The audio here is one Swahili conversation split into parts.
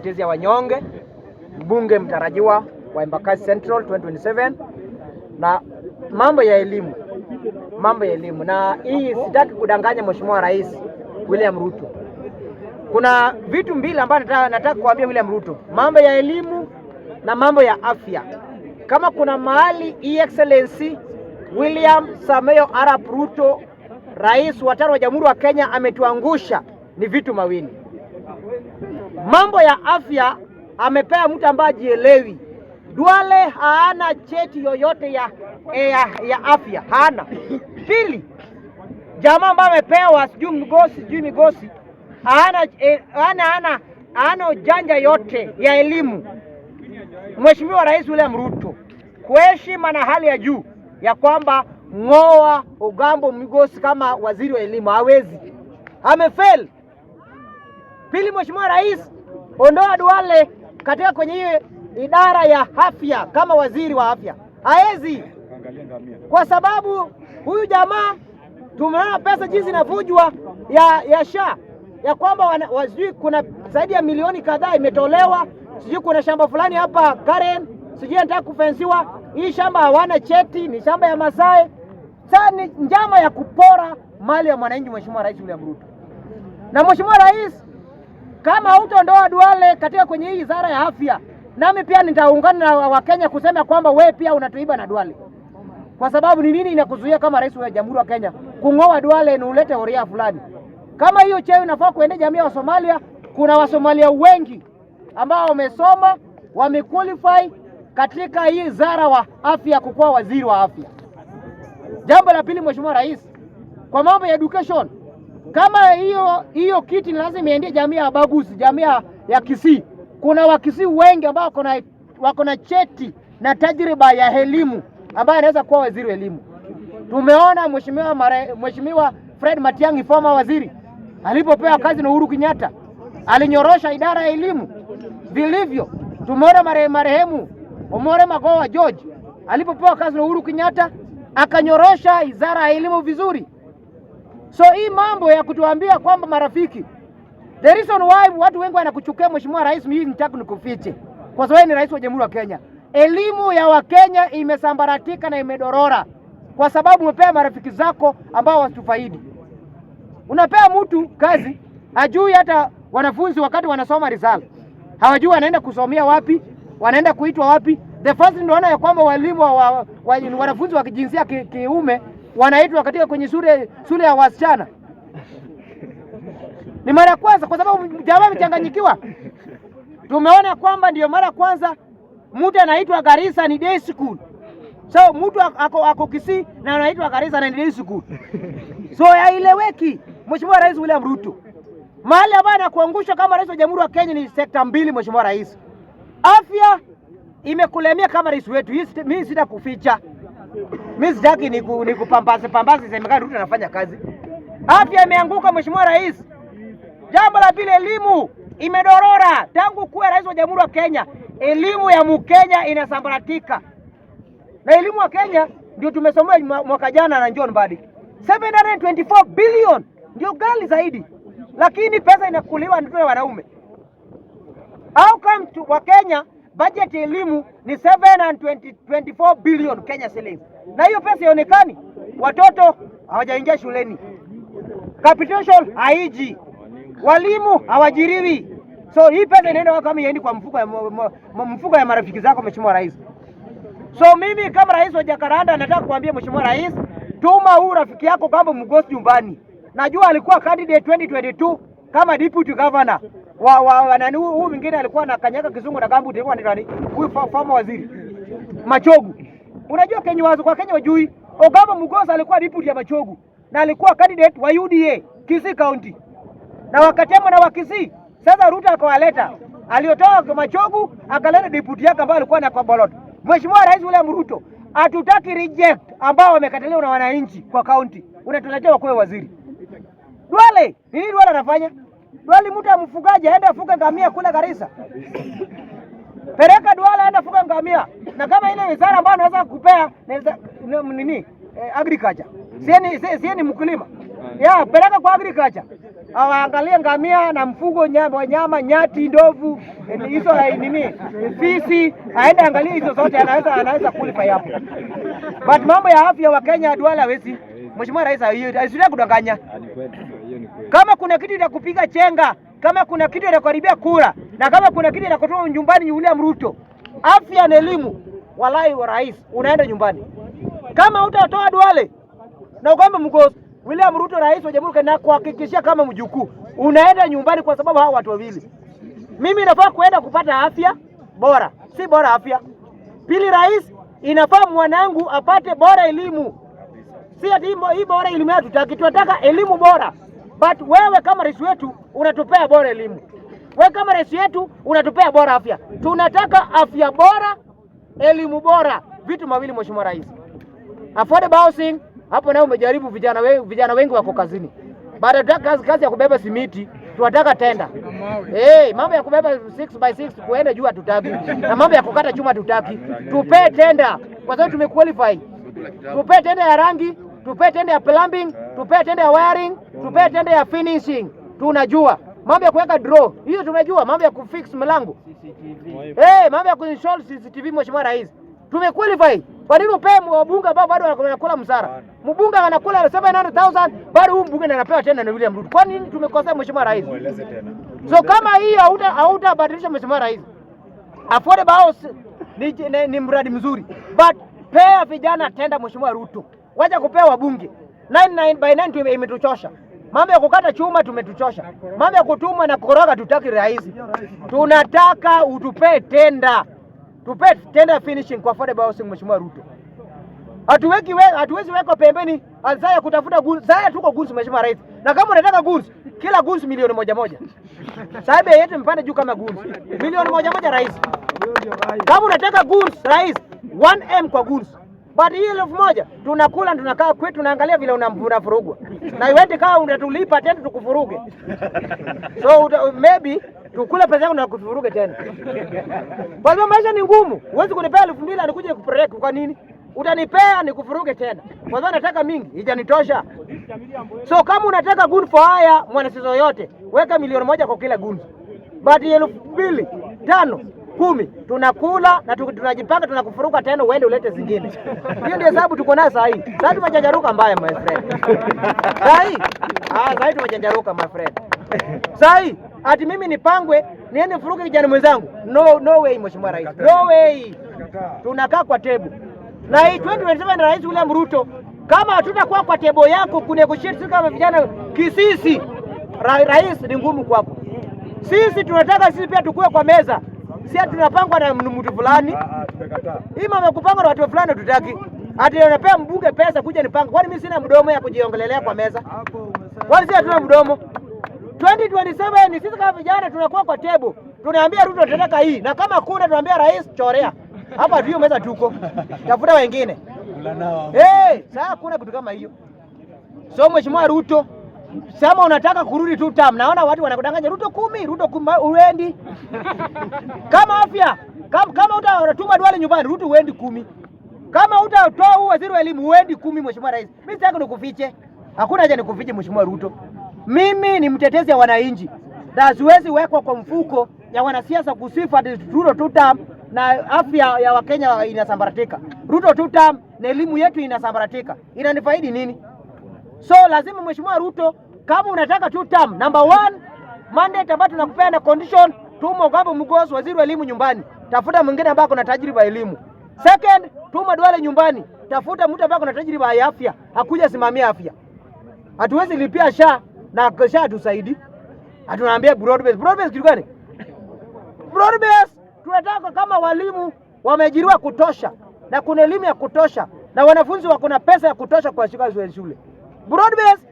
watetezi ya wanyonge, mbunge mtarajiwa wa Embakasi Central 2027 na mambo ya elimu, mambo ya elimu. Na hii sitaki kudanganya Mheshimiwa Rais William Ruto. Kuna vitu mbili ambavyo nataka, nataka kuambia William Ruto, mambo ya elimu na mambo ya afya. Kama kuna mahali hii excellency William Samoei Arap Ruto, rais wa tano wa Jamhuri wa Kenya, ametuangusha ni vitu mawili. Mambo ya afya amepea mtu ambaye ajielewi. Duale haana cheti yoyote ya, eh, ya, ya afya haana. Pili, jamaa ambaye amepewa sijui mgosi sijui migosi haana, eh, haana, haana, haana yote ya elimu. Mheshimiwa Rais William Ruto kuheshima na hali ya juu ya kwamba ng'oa Ogambo Migosi kama waziri wa elimu hawezi, amefeli. Pili, Mheshimiwa Rais, ondoa Duale katika kwenye hiyo idara ya afya kama waziri wa afya, haezi kwa sababu huyu jamaa tumeona pesa jinsi inavujwa ya, ya sha ya kwamba sijui kuna zaidi ya milioni kadhaa imetolewa, sijui kuna shamba fulani hapa Karen, sijui anataka kufensiwa hii shamba, hawana cheti, ni shamba ya Masai. Sasa ni njama ya kupora mali ya mwananchi, Mheshimiwa Rais William Ruto na Mheshimiwa Rais kama hutondoa Duale katika kwenye hii wizara ya afya, nami pia nitaungana na Wakenya kusema kwamba we pia unatuiba na Duale. Kwa sababu ni nini inakuzuia kama rais wa jamhuri wa Kenya kung'oa Duale ni ulete horia fulani kama hiyo? Cheo inafaa kuende jamii ya Wasomalia. Kuna Wasomalia wengi ambao wamesoma wamequalify katika hii wizara wa afya kukuwa waziri wa afya. Jambo la pili, Mheshimiwa Rais, kwa mambo ya education kama hiyo hiyo kiti lazima iendie jamii ya Wabaguzi, jamii ya Kisii. Kuna Wakisii wengi ambao wako na cheti na tajriba ya elimu ambaye anaweza kuwa waziri wa elimu. Tumeona mheshimiwa Mheshimiwa Fred Matiang'i, former waziri, alipopewa kazi na Uhuru Kenyatta alinyorosha idara ya elimu vilivyo. Tumeona mare, marehemu Omore magoa George alipopewa kazi na Uhuru Kenyatta akanyorosha idara ya elimu vizuri. So hii mambo ya kutuambia kwamba marafiki, the reason why watu wengi wanakuchukia mheshimiwa rais, mimi nitaka nikufiche, kwa sababu ni rais wa jamhuri ya Kenya. Elimu ya Wakenya imesambaratika na imedorora kwa sababu umepea marafiki zako ambao wasitufaidi. Unapea mtu kazi ajui hata wanafunzi wakati wanasoma risala hawajui wanaenda kusomea wapi, wanaenda kuitwa wapi. The first ndio ya kwamba walimu wa, wa, wanafunzi wa kijinsia ki, kiume wanaitwa katika kwenye shule shule ya wasichana. Ni mara ya kwanza, kwa sababu jamaa amechanganyikiwa. Tumeona kwamba ndiyo mara kwanza mtu anaitwa Garissa ni day school, so mtu ako, ako Kisii na anaitwa Garissa na ni day school, so haieleweki. Mheshimiwa Rais William Ruto, mahali ambayo anakuangusha kama rais wa Jamhuri ya Kenya ni sekta mbili. Mheshimiwa Rais, afya imekulemea kama rais wetu. Mimi sitakuficha mimi sitaki nikupambaze pambaze, semekana Ruto anafanya kazi. Afya imeanguka Mheshimiwa Rais. Jambo la pili, elimu imedorora tangu kuwa rais wa Jamhuri ya Kenya. Elimu ya Mkenya inasambaratika, na elimu wa Kenya ndio tumesomea mwaka jana na John Mbadi, 724 billion ndio gali zaidi, lakini pesa inakuliwa ndio wanaume. How come wa Kenya budget ya elimu ni 724 billion Kenya shillings, na hiyo pesa ionekani, watoto hawajaingia shuleni, capitation haiji, walimu hawajiriwi, so hii pesa inaenda kama iendi kwa mfuko ya, mfuko ya marafiki zako, Mheshimiwa Rais. So mimi kama rais wa Jakaranda nataka kuambia Mheshimiwa Rais, tuma huu rafiki yako Gambo Mgosi nyumbani. Najua alikuwa candidate 2022 kama deputy governor wa, wa, nani huyu mwingine alikuwa na kanyaga kizungu na gambu alikuwa ni nani huyu fama waziri Machogu. Unajua Kenya wazo kwa Kenya wajui Ogaba Mugosa alikuwa deputy ya Machogu na alikuwa candidate wa UDA Kisii County na wakatema na wakisii. Sasa Ruto akawaleta aliotoa kwa Machogu akaleta deputy yake ambaye alikuwa na kwa Bolot. Mheshimiwa Rais William Ruto, hatutaki reject ambao wamekataliwa na wananchi kwa county, unatuletea kwa waziri. Duale, nini Duale anafanya? Dwali mtu amfugaji aende afuge ngamia kule Garissa. Peleka Duala aende afuge ngamia. Na kama ile wizara ambayo anaweza kukupea nini? Eh, agriculture. Sieni sieni mkulima. Ya, peleka kwa agriculture. Awaangalie ngamia na mfugo nyama, wanyama nyati, ndovu, hizo nini? Fisi, aende angalie hizo zote anaweza anaweza qualify hapo. But mambo ya afya wa Kenya Duala hawezi. Mheshimiwa Rais asiye kudanganya. Kama kuna kitu inakupiga chenga, kama kuna kitu inakuharibia kura, na kama kuna kitu inakutoa nyumbani, William Ruto, afya na elimu, walai wa rais, unaenda nyumbani. Kama utatoa Duale na ukwambe mgosi William Ruto, rais wa jamhuri, na kuhakikishia kama mjukuu, unaenda nyumbani, kwa sababu hao watu wawili, mimi nafaa kuenda kupata afya bora, si bora afya. Pili, rais inafaa mwanangu apate bora elimu, si ati hii bora elimu yatutaki, tunataka elimu bora but wewe kama rais wetu unatupea bora elimu, wewe kama rais wetu unatupea bora afya. Tunataka afya bora, elimu bora, vitu mawili mheshimiwa rais. Affordable housing hapo nayo umejaribu, vijana we, vijana wengi wako kazini, baada ya kazi, kazi ya kubeba simiti tunataka tenda. Hey, mambo ya kubeba 6 by 6 kuenda juu hatutaki, na mambo ya kukata chuma hatutaki. Tupee tenda kwa sababu tumequalify. Tupee tenda ya rangi, tupee tenda ya plumbing, tupee tenda ya wiring tupee tende ya finishing. Tunajua mambo ya kuweka draw hiyo, tumejua mambo ya kufix mlango eh, mambo ya kuinstall CCTV. Mheshimiwa Rais, tumequalify. Kwa nini upe mbunge ambao bado anakula msara? Mbunge anakula 700000 bado huyu mbunge anapewa tena na William Ruto. Kwa nini tumekosea Mheshimiwa Rais? So kama hii hautabadilisha Mheshimiwa Rais, affordable house ni, ni, ni mradi mzuri but pea vijana tenda Mheshimiwa Ruto, wacha kupewa wabunge 99 by 9 imetuchosha. Mambo ya kukata chuma tumetuchosha, mambo ya kutumwa na koroga tutaki rais, tunataka utupe tenda, tupe tenda finishing kwa affordable housing, Mheshimiwa Ruto. Hatuweki we, hatuwezi weka pembeni azaya kutafuta goods. Zaya tuko goods, Mheshimiwa Rais, na kama unataka goods, kila goods milioni moja moja, sahibi yetu mpande juu kama goods milioni moja moja, Rais. Kama unataka goods, Rais, 1M kwa goods, but hii elfu moja tunakula, tunakaa kwetu, tunaangalia vile furugwa na iwete kama unatulipa tena tukufuruge. So maybe tukule pesa yako na kufuruge tena, kwa hivyo maisha ni ngumu. Huwezi kunipea elfu mbili nikuja kupeleka kwa nini? Utanipea nikufuruge tena, kwa sababu nataka mingi, ijanitosha. So kama unataka gun for haya mwanasiasa yote, weka milioni moja kwa kila gun, but elfu mbili tano kumi tunakula na tunajipanga tunakufuruka tena, uende ulete zingine. Hiyo ndio hesabu tuko nayo saa hii. Sasa tumechanjaruka mbaya, my friend. Saa hii ah, saa hii tumechanjaruka my friend. Saa hii ati mimi nipangwe niende furuke kijana mwenzangu? No, no way, mheshimiwa rais, no way. Tunakaa kwa tebu na hii 2027 na rais William Ruto, kama hatutakuwa kwa tebo yako kunegotiate kama vijana kisisi, rais ni ngumu kwako. Sisi tunataka sisi pia tukue kwa meza si tunapangwa na mtu fulani. Hii ah, ah, mama na watu fulani tutaki. Ati anapea mbunge pesa kuja nipanga. Kwani mimi sina mdomo ya kujiongelelea kwa meza? Ah, Kwani si hatuna mdomo? 2027 sisi kama vijana tunakuwa kwa tebo. Tunaambia Ruto tunataka hii na kama kuna tunaambia rais chorea. Hapa hatuyo meza tuko. Tafuta wengine. Eh, hey, saa kuna kitu kama hiyo. So Mheshimiwa Ruto Sema unataka kurudi tu tam. Naona watu wanakudanganya Ruto kumi, Ruto kumi uendi. Kama afya, kama, kama utatuma Duale nyumbani Ruto uendi kumi. Kama utatoa huu waziri wa elimu uendi kumi mheshimiwa rais. Mimi sitaki nikufiche. Hakuna haja nikufiche mheshimiwa Ruto. Mimi ni mtetezi wa wananchi. Na siwezi wekwa kwa mfuko ya wanasiasa kusifa Ruto tu tam na afya ya Wakenya inasambaratika. Ruto tu tam na elimu yetu inasambaratika. Inanifaidi nini? So lazima Mheshimiwa Ruto, kama unataka two term, number one mandate ambayo tunakupea na condition, tuma Ogamba Mugos, waziri wa elimu nyumbani, tafuta mwingine ambaye kuna tajriba elimu. Second, tuma Duale nyumbani, tafuta mtu ambaye kuna tajriba ya afya, hakuja simamia afya. Hatuwezi lipia sha na sha tusaidi, hatunaambia broad base. Broad base kitu gani? Broad base tunataka kama walimu wamejiriwa kutosha na kuna elimu ya kutosha na wanafunzi wako na pesa ya kutosha kwa shule broad base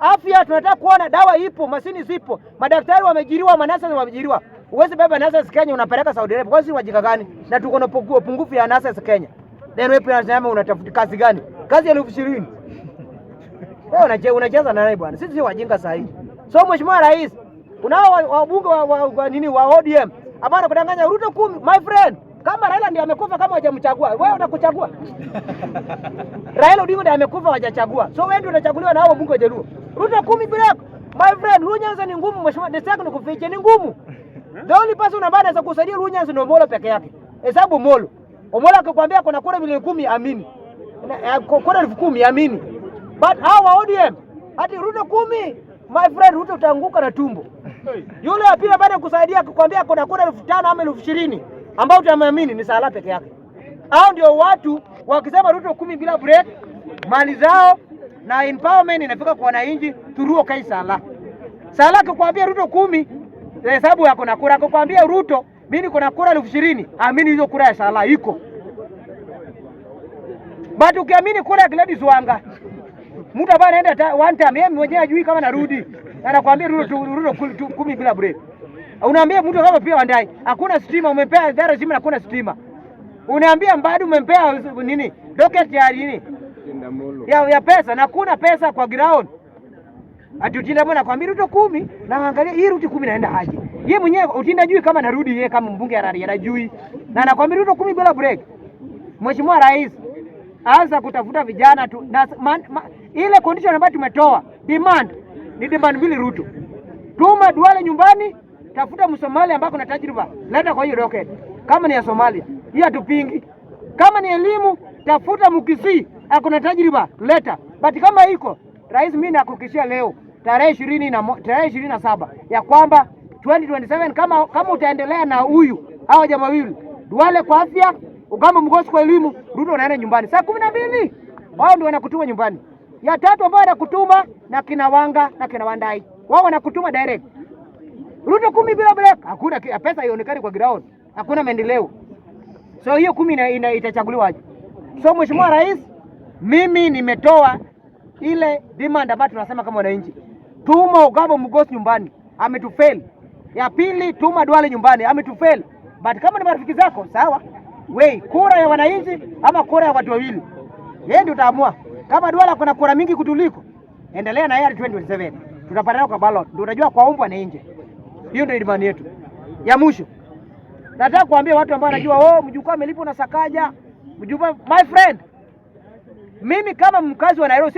afya. Tunataka kuona dawa ipo, mashini zipo, madaktari wamejiriwa manasa wamejiriwa. Uwezi beba nasa Kenya unapeleka Saudi Arabia kwa sisi wajika gani? Na tuko na pungufu ya nasa Kenya, then wewe unasema unatafuta kazi gani? Kazi ya elfu ishirini wewe unaje, unacheza na nani bwana? Sisi si wajinga sahihi. So mheshimiwa rais, unao wabunge wa, wa, wa, nini wa ODM ambao wanakudanganya Ruto kumi, my friend kama Raila ndiye amekufa, kama hajamchagua wewe, unakuchagua Raila Odinga ndiye amekufa, hajachagua. So wewe ndio unachaguliwa na hao bunge wa Jaluo. Ruto kumi bila my friend, Runyanza ni ngumu mheshimiwa, the second nikufiche ni ngumu. The only person ambaye anaweza kusaidia Runyanza ni Omolo peke yake. Hesabu Omolo. Omolo akikwambia kuna kura milioni kumi, amini. Eh, kura elfu kumi, amini. But hawa ODM hadi Ruto kumi, my friend, Ruto utaanguka na tumbo. Yule apira baada ya kusaidia akikwambia kuna kura elfu tano ama elfu ishirini ambao tunaamini ni Sala peke yake. Hao ndio watu wakisema Ruto kumi bila break, mali zao na empowerment inafika kwa wananchi turuo kai Sala. Sala akikwambia Ruto kumi, eh, hesabu yako na kura. Akikwambia Ruto mimi niko na kura elfu ishirini, amini hizo kura ya Sala iko. But ukiamini kura ya Gladys Wanga, mtu ambaye anaenda one time yeye mwenyewe ajui kama narudi. Anakuambia Ruto Ruto kumi bila break. Unaambia mtu kama pia Wandai hakuna stima, umepea idara simu na hakuna stima. Unaambia Mbadi umempea nini docket ya nini ya, ya pesa na hakuna pesa kwa ground ati utinda mbona kwa ruto kumi na angalia hii ruti kumi naenda aje Yeye mwenyewe utinda jui kama narudi yeye kama mbunge arari anajui na nakwambia ruto kumi bila break. Mheshimiwa Rais anza kutafuta vijana tu na man, ma, ile condition ambayo tumetoa demand ni demand mbili Ruto, tuma Duale nyumbani tafuta Msomali ambako na tajriba, leta kwa hii rocket. Kama ni ya Somalia hii atupingi. Kama ni elimu, tafuta Mkisii ako na tajriba, leta. But kama iko rais, mimi nakuhakikishia leo tarehe ishirini na tarehe ishirini na saba ya kwamba 2027 kama kama utaendelea na huyu hawa jamaa wawili Duale kwa afya, Ugamba Mgosi kwa elimu, Ruto unaenda nyumbani saa kumi na mbili. Wao ndio wanakutuma nyumbani. Ya tatu ambao wanakutuma na kina Wanga na kina Wandai, wao wanakutuma direct. Ruto kumi bila break, hakuna pesa ionekani kwa ground, hakuna maendeleo. So hiyo kumi ina, ina itachaguliwaje? So mheshimiwa rais, mimi nimetoa ile demand ambayo tunasema kama wananchi, tuma Ogamba Mugos nyumbani, ametufeli. Ya pili, tuma Duale nyumbani, ametufeli. But kama ni marafiki zako sawa, wei, kura ya wananchi ama kura ya watu wawili, yeye ndio utaamua. Kama Duale kuna kura mingi kutuliko, endelea na yeye 2027 tutapatana kwa ballot, ndio utajua kwa umbwa na nje. Hiyo ndio imani yetu ya mwisho. Nataka kuambia watu ambao wanajua, oh, mjukuu amelipwa na Sakaja, mjukuu. My friend, mimi kama mkazi wa Nairobi